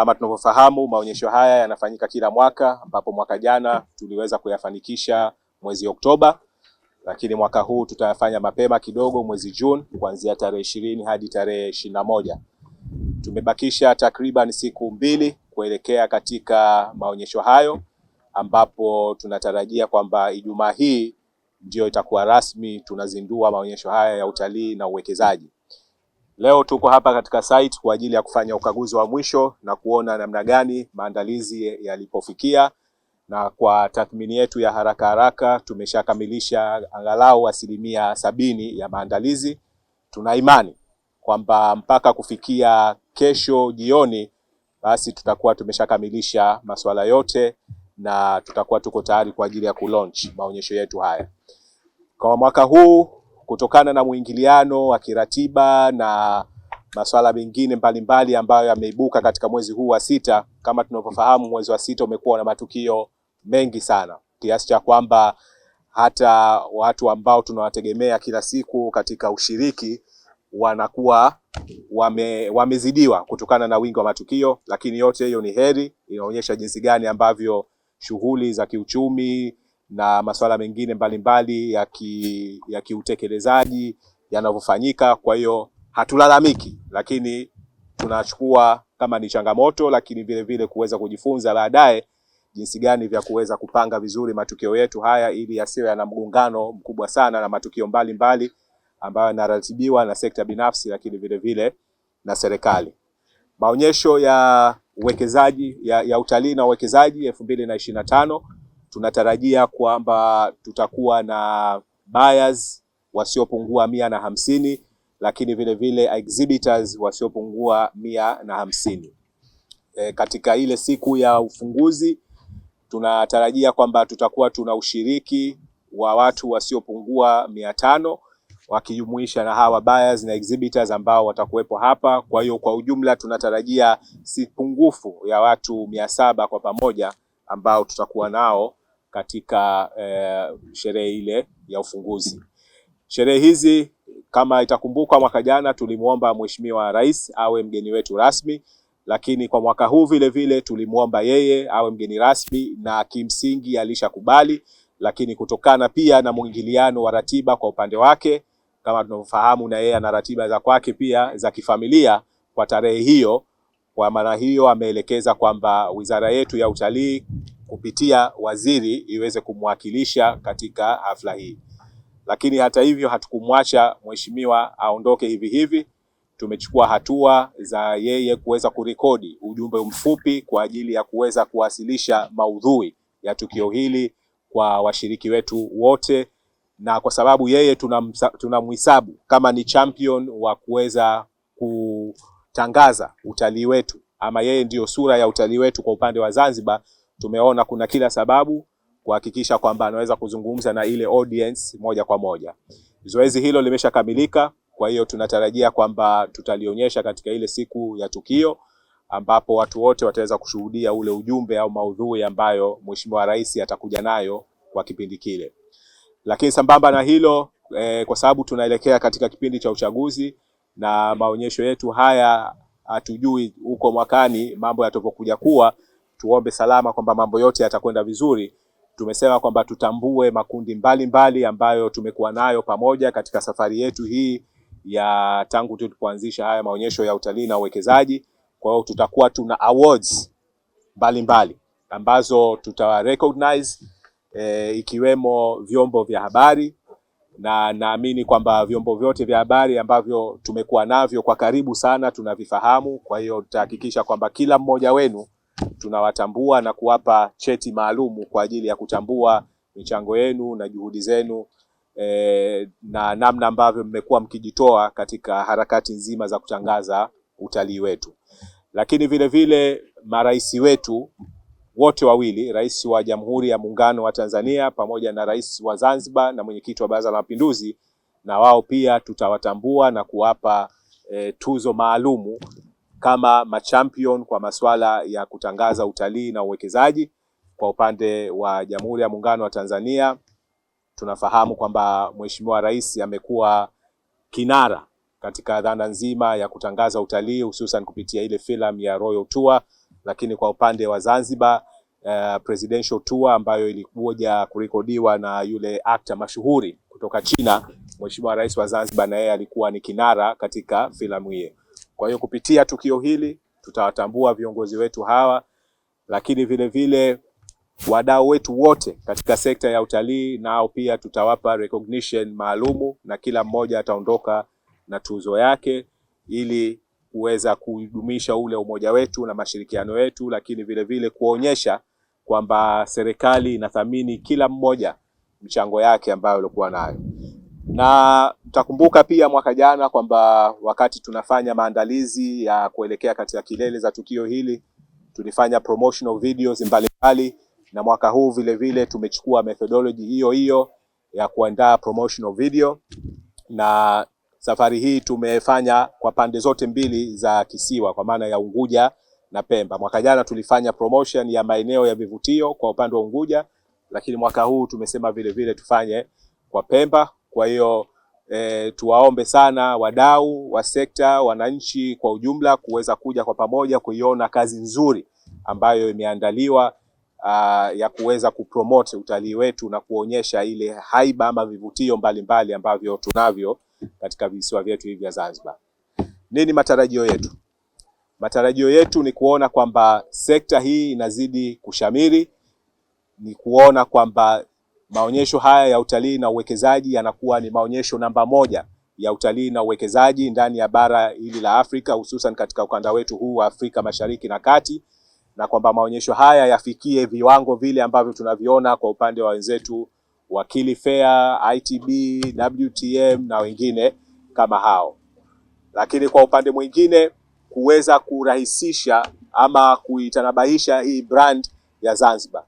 Kama tunavyofahamu, maonyesho haya yanafanyika kila mwaka, ambapo mwaka jana tuliweza kuyafanikisha mwezi Oktoba, lakini mwaka huu tutayafanya mapema kidogo mwezi Juni, kuanzia tarehe ishirini hadi tarehe ishirini na moja. Tumebakisha takriban siku mbili kuelekea katika maonyesho hayo, ambapo tunatarajia kwamba Ijumaa hii ndiyo itakuwa rasmi tunazindua maonyesho haya ya utalii na uwekezaji. Leo tuko hapa katika site kwa ajili ya kufanya ukaguzi wa mwisho na kuona namna gani maandalizi yalipofikia, na kwa tathmini yetu ya haraka haraka tumeshakamilisha angalau asilimia sabini ya maandalizi. Tuna imani kwamba mpaka kufikia kesho jioni, basi tutakuwa tumeshakamilisha masuala yote na tutakuwa tuko tayari kwa ajili ya kulaunch maonyesho yetu haya kwa mwaka huu kutokana na mwingiliano wa kiratiba na masuala mengine mbalimbali ambayo yameibuka katika mwezi huu wa sita. Kama tunavyofahamu, mwezi wa sita umekuwa na matukio mengi sana kiasi cha kwamba hata watu ambao tunawategemea kila siku katika ushiriki wanakuwa wame, wamezidiwa kutokana na wingi wa matukio. Lakini yote hiyo ni heri, inaonyesha jinsi gani ambavyo shughuli za kiuchumi na masuala mengine mbalimbali ya kiutekelezaji ya yanavyofanyika. Kwa hiyo hatulalamiki, lakini tunachukua kama ni changamoto, lakini vile vile kuweza kujifunza baadaye jinsi gani vya kuweza kupanga vizuri matukio yetu haya ili yasiwe yana mgongano mkubwa sana na matukio mbalimbali mbali ambayo yanaratibiwa na sekta binafsi, lakini vile vile na serikali. Maonyesho ya uwekezaji ya, ya utalii na uwekezaji elfu mbili na ishirini na tano tunatarajia kwamba tutakuwa na buyers wasiopungua mia na hamsini lakini vile vile exhibitors wasiopungua mia na hamsini. E, katika ile siku ya ufunguzi tunatarajia kwamba tutakuwa tuna ushiriki wa watu wasiopungua mia tano wakijumuisha na hawa buyers na exhibitors ambao watakuwepo hapa. Kwa hiyo kwa ujumla tunatarajia si pungufu ya watu mia saba kwa pamoja ambao tutakuwa nao katika eh, sherehe ile ya ufunguzi. Sherehe hizi kama itakumbuka, mwaka jana tulimwomba Mheshimiwa Rais awe mgeni wetu rasmi, lakini kwa mwaka huu vile vile tulimwomba yeye awe mgeni rasmi na kimsingi alishakubali, lakini kutokana pia na mwingiliano wa ratiba kwa upande wake, kama tunavyofahamu, na yeye ana ratiba za kwake pia za kifamilia kwa tarehe hiyo. Kwa maana hiyo, ameelekeza kwamba wizara yetu ya utalii kupitia waziri iweze kumwakilisha katika hafla hii. Lakini hata hivyo hatukumwacha mheshimiwa aondoke hivi hivi. Tumechukua hatua za yeye kuweza kurekodi ujumbe mfupi kwa ajili ya kuweza kuwasilisha maudhui ya tukio hili kwa washiriki wetu wote, na kwa sababu yeye tunamhesabu tuna kama ni champion wa kuweza kutangaza utalii wetu, ama yeye ndiyo sura ya utalii wetu kwa upande wa Zanzibar tumeona kuna kila sababu kuhakikisha kwamba anaweza kuzungumza na ile audience moja kwa moja. Zoezi hilo limeshakamilika, kwa hiyo tunatarajia kwamba tutalionyesha katika ile siku ya tukio ambapo watu wote wataweza kushuhudia ule ujumbe au maudhui ambayo Mheshimiwa Rais atakuja nayo kwa kipindi kile. Lakini sambamba na hilo eh, kwa sababu tunaelekea katika kipindi cha uchaguzi na maonyesho yetu haya hatujui huko mwakani mambo yatakapokuja kuwa tuombe salama kwamba mambo yote yatakwenda vizuri. Tumesema kwamba tutambue makundi mbalimbali mbali ambayo tumekuwa nayo pamoja katika safari yetu hii ya tangu tulipoanzisha haya maonyesho ya utalii na uwekezaji. Kwa hiyo tutakuwa tuna awards mbalimbali ambazo tuta recognize e, ikiwemo vyombo vya habari na naamini kwamba vyombo vyote vya habari ambavyo tumekuwa navyo kwa karibu sana tunavifahamu. Kwa hiyo tutahakikisha kwamba kila mmoja wenu tunawatambua na kuwapa cheti maalumu kwa ajili ya kutambua michango yenu na juhudi zenu e, na namna ambavyo mmekuwa mkijitoa katika harakati nzima za kutangaza utalii wetu. Lakini vile vile marais wetu wote wawili, rais wa Jamhuri ya Muungano wa Tanzania pamoja na rais wa Zanzibar na mwenyekiti wa Baraza la Mapinduzi, na wao pia tutawatambua na kuwapa e, tuzo maalumu kama machampion kwa masuala ya kutangaza utalii na uwekezaji kwa upande wa Jamhuri ya Muungano wa Tanzania. Tunafahamu kwamba Mheshimiwa Rais amekuwa kinara katika dhana nzima ya kutangaza utalii hususan kupitia ile filamu ya Royal Tour, lakini kwa upande wa Zanzibar uh, Presidential Tour ambayo ilikuja kurekodiwa na yule actor mashuhuri kutoka China. Mheshimiwa Rais wa Zanzibar na yeye alikuwa ni kinara katika filamu hiyo. Kwa hiyo kupitia tukio hili tutawatambua viongozi wetu hawa, lakini vile vile wadau wetu wote katika sekta ya utalii, nao pia tutawapa recognition maalumu, na kila mmoja ataondoka na tuzo yake ili kuweza kudumisha ule umoja wetu na mashirikiano yetu, lakini vile vile kuonyesha kwamba serikali inathamini kila mmoja mchango yake ambayo alikuwa nayo na mtakumbuka pia mwaka jana kwamba wakati tunafanya maandalizi ya kuelekea katika kilele za tukio hili tulifanya promotional videos mbalimbali, na mwaka huu vile vile tumechukua methodology hiyo hiyo ya kuandaa promotional video, na safari hii tumefanya kwa pande zote mbili za kisiwa, kwa maana ya Unguja na Pemba. Mwaka jana tulifanya promotion ya maeneo ya vivutio kwa upande wa Unguja, lakini mwaka huu tumesema vile vile tufanye kwa Pemba kwa hiyo e, tuwaombe sana wadau wa sekta, wananchi kwa ujumla kuweza kuja kwa pamoja kuiona kazi nzuri ambayo imeandaliwa Uh, ya kuweza kupromote utalii wetu na kuonyesha ile haiba ama vivutio mbalimbali ambavyo tunavyo katika visiwa vyetu hivi vya Zanzibar. Nini matarajio yetu? Matarajio yetu ni kuona kwamba sekta hii inazidi kushamiri, ni kuona kwamba Maonyesho haya ya utalii na uwekezaji yanakuwa ni maonyesho namba moja ya utalii na uwekezaji ndani ya bara hili la Afrika, hususan katika ukanda wetu huu wa Afrika Mashariki na Kati, na kwamba maonyesho haya yafikie viwango vile ambavyo tunaviona kwa upande wa wenzetu wa Kili Fair, ITB, WTM na wengine kama hao. Lakini kwa upande mwingine kuweza kurahisisha ama kuitanabahisha hii brand ya Zanzibar.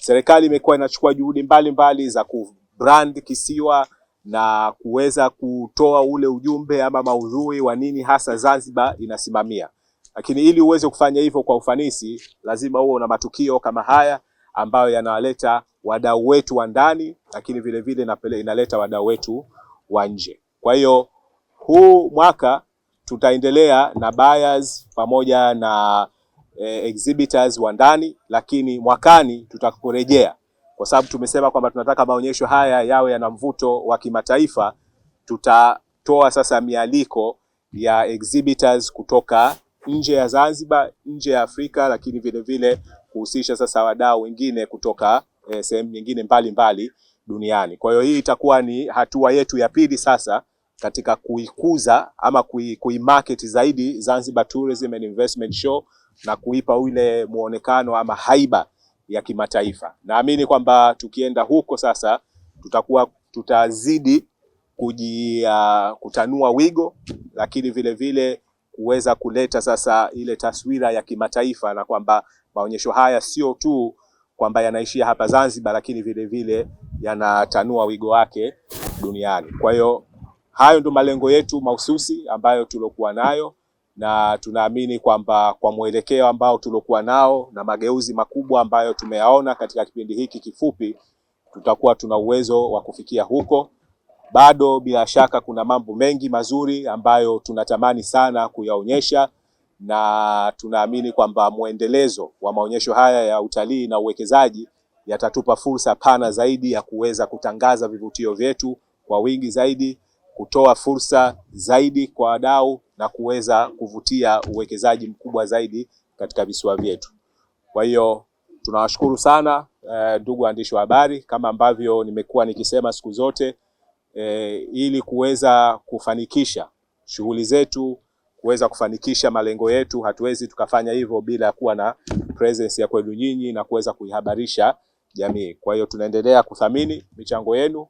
Serikali imekuwa inachukua juhudi mbalimbali za kubrand kisiwa na kuweza kutoa ule ujumbe ama maudhui wa nini hasa Zanzibar inasimamia, lakini ili uweze kufanya hivyo kwa ufanisi, lazima uwe una matukio kama haya ambayo yanawaleta wadau wetu wa ndani, lakini vile vile inaleta wadau wetu wa nje. Kwa hiyo huu mwaka tutaendelea na buyers pamoja na eh, exhibitors wa ndani, lakini mwakani tutakurejea kwa sababu tumesema kwamba tunataka maonyesho haya yawe yana mvuto wa kimataifa. Tutatoa sasa mialiko ya exhibitors kutoka nje ya Zanzibar, nje ya Afrika, lakini vilevile kuhusisha sasa wadau wengine kutoka eh, sehemu nyingine mbalimbali duniani. Kwa hiyo hii itakuwa ni hatua yetu ya pili sasa katika kuikuza ama kuimarket zaidi Zanzibar Tourism and Investment Show na kuipa ule muonekano ama haiba ya kimataifa. Naamini kwamba tukienda huko sasa tutakuwa tutazidi kuji, uh, kutanua wigo lakini vile vile kuweza kuleta sasa ile taswira ya kimataifa na kwamba maonyesho haya sio tu kwamba yanaishia hapa Zanzibar, lakini vile vile yanatanua wigo wake duniani. Kwa hiyo Hayo ndo malengo yetu mahususi ambayo tuliokuwa nayo na tunaamini kwamba kwa mwelekeo ambao tuliokuwa nao na mageuzi makubwa ambayo tumeyaona katika kipindi hiki kifupi, tutakuwa tuna uwezo wa kufikia huko. Bado bila shaka kuna mambo mengi mazuri ambayo tunatamani sana kuyaonyesha, na tunaamini kwamba mwendelezo wa maonyesho haya ya utalii na uwekezaji yatatupa fursa pana zaidi ya kuweza kutangaza vivutio vyetu kwa wingi zaidi kutoa fursa zaidi kwa wadau na kuweza kuvutia uwekezaji mkubwa zaidi katika visiwa vyetu. Kwa hiyo tunawashukuru sana eh, ndugu waandishi wa habari, kama ambavyo nimekuwa nikisema siku zote e, ili kuweza kufanikisha shughuli zetu, kuweza kufanikisha malengo yetu, hatuwezi tukafanya hivyo bila ya kuwa na presence ya kwenu nyinyi na kuweza kuihabarisha jamii. Kwa hiyo tunaendelea kuthamini michango yenu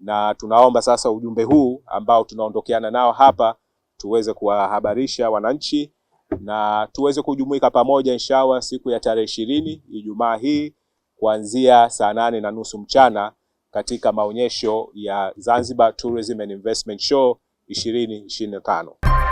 na tunaomba sasa ujumbe huu ambao tunaondokeana nao hapa tuweze kuwahabarisha wananchi na tuweze kujumuika pamoja inshallah siku ya tarehe ishirini Ijumaa hii kuanzia saa nane na nusu mchana katika maonyesho ya Zanzibar Tourism and Investment Show 2025.